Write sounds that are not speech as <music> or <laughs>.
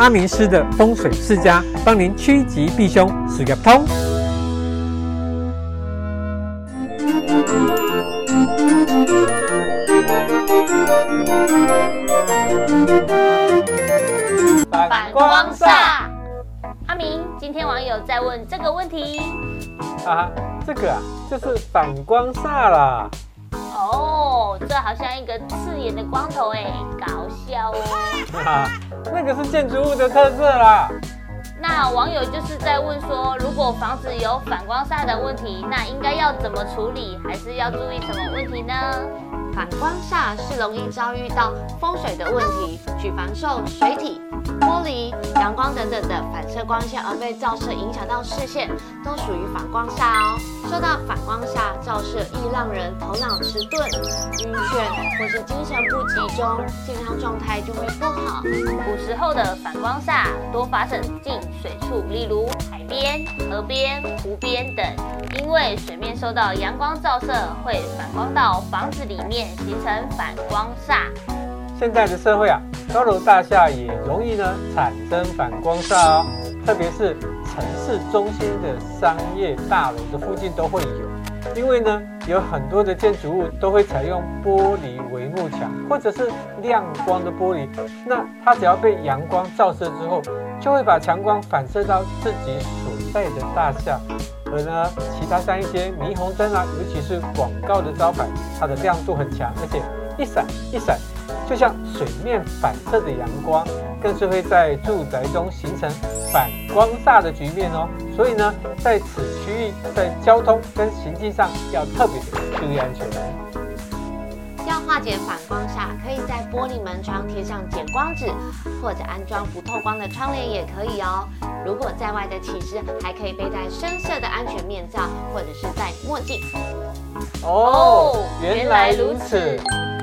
阿明師的風水世家，幫您趨吉避凶，是個通。反光煞。阿明，今天網友在問這個問題。啊，這個啊，就是反光煞啦。哦，這好像一個刺眼的光頭誒，搞笑哦。 <laughs> 那個是建築物的特色啦。那網友就是在問說，如果房子有反光煞的問題，那應該要怎麼處理，還是要注意什麼問題呢？反光煞是容易遭遇到風水的問題，舉凡受水體、玻璃、陽光等等的反射光線而被照射，影響到視線，都屬於反光煞哦。受到反光煞照射，易讓人頭腦遲鈍、暈眩或是精神不集中，健康狀態就會不好。古時候的反光煞多發生近水處，例如海邊、河邊、湖邊等，因為水面受到陽光照射，會反光到房子裡面，形成反光煞。現在的社會啊。高樓大廈也容易呢產生反光煞哦，特別是城市中心的商業大樓的附近都會有，因為呢有很多的建築物都會採用玻璃帷幕牆，或者是亮光的玻璃，那它只要被陽光照射之後，就會把強光反射到自己所在的大廈，而呢其他像一些霓虹燈啊，尤其是廣告的招牌，它的亮度很強，而且一閃一閃。就像水面反射的陽光，更是會在住宅中形成反光煞的局面哦。所以呢，在此區域，在交通跟行進上要特別注意安全。要化解反光煞，可以在玻璃門窗貼上減光紙，或者安裝不透光的窗簾也可以哦。如果在外的騎士，還可以佩戴深色的安全面罩，或者是戴墨鏡。哦，原來如此。 <laughs>